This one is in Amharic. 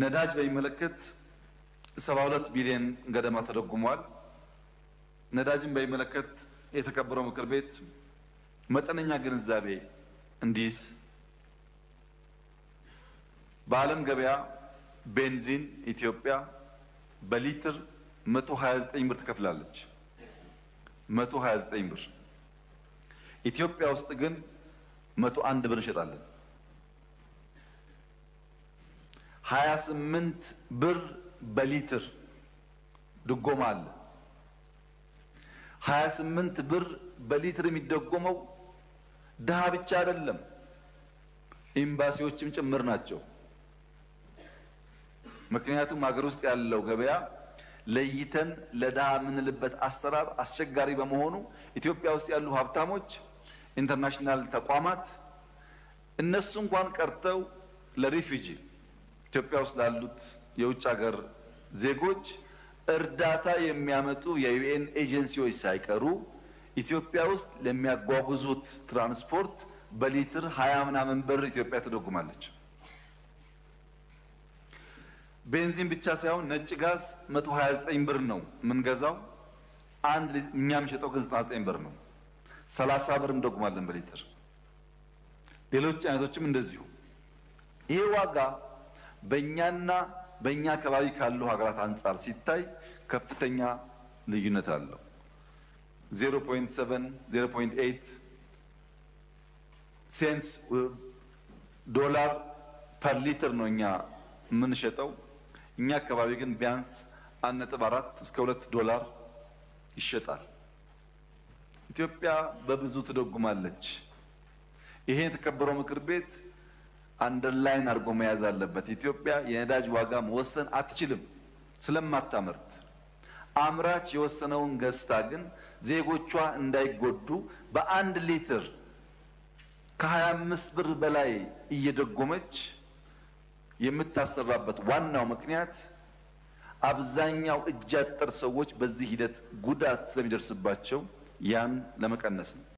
ነዳጅ በሚመለከት 72 ቢሊዮን ገደማ ተደጉሟል። ነዳጅን በሚመለከት የተከበረው ምክር ቤት መጠነኛ ግንዛቤ እንዲይዝ በዓለም ገበያ ቤንዚን ኢትዮጵያ በሊትር 129 ብር ትከፍላለች። 129 ብር ኢትዮጵያ ውስጥ ግን 101 ብር እንሸጣለን። ሀያ ስምንት ብር በሊትር ድጎማ አለ። ሀያ ስምንት ብር በሊትር የሚደጎመው ድሃ ብቻ አይደለም፣ ኤምባሲዎችም ጭምር ናቸው። ምክንያቱም ሀገር ውስጥ ያለው ገበያ ለይተን ለድሃ የምንልበት አሰራር አስቸጋሪ በመሆኑ ኢትዮጵያ ውስጥ ያሉ ሀብታሞች፣ ኢንተርናሽናል ተቋማት እነሱ እንኳን ቀርተው ለሪፊጂ ኢትዮጵያ ውስጥ ላሉት የውጭ ሀገር ዜጎች እርዳታ የሚያመጡ የዩኤን ኤጀንሲዎች ሳይቀሩ ኢትዮጵያ ውስጥ ለሚያጓጉዙት ትራንስፖርት በሊትር ሀያ ምናምን ብር ኢትዮጵያ ትደጉማለች። ቤንዚን ብቻ ሳይሆን ነጭ ጋዝ መቶ ሀያ ዘጠኝ ብር ነው የምንገዛው። አንድ እኛ የምንሸጠው ግን ዘጠና ዘጠኝ ብር ነው። ሰላሳ ብር እንደጉማለን በሊትር ሌሎች አይነቶችም እንደዚሁ ይሄ ዋጋ በእኛና በእኛ አካባቢ ካሉ ሀገራት አንጻር ሲታይ ከፍተኛ ልዩነት አለው። 0.7 ሴንስ ዶላር ፐር ሊትር ነው እኛ የምንሸጠው። እኛ አካባቢ ግን ቢያንስ አንድ ነጥብ አራት እስከ ሁለት ዶላር ይሸጣል። ኢትዮጵያ በብዙ ትደጉማለች። ይሄ የተከበረው ምክር ቤት አንደርላይን አድርጎ መያዝ አለበት። ኢትዮጵያ የነዳጅ ዋጋ መወሰን አትችልም ስለማታመርት። አምራች የወሰነውን ገዝታ ግን ዜጎቿ እንዳይጎዱ በአንድ ሊትር ከ25 ብር በላይ እየደጎመች የምታሰራበት ዋናው ምክንያት አብዛኛው እጅ አጠር ሰዎች በዚህ ሂደት ጉዳት ስለሚደርስባቸው ያን ለመቀነስ ነው።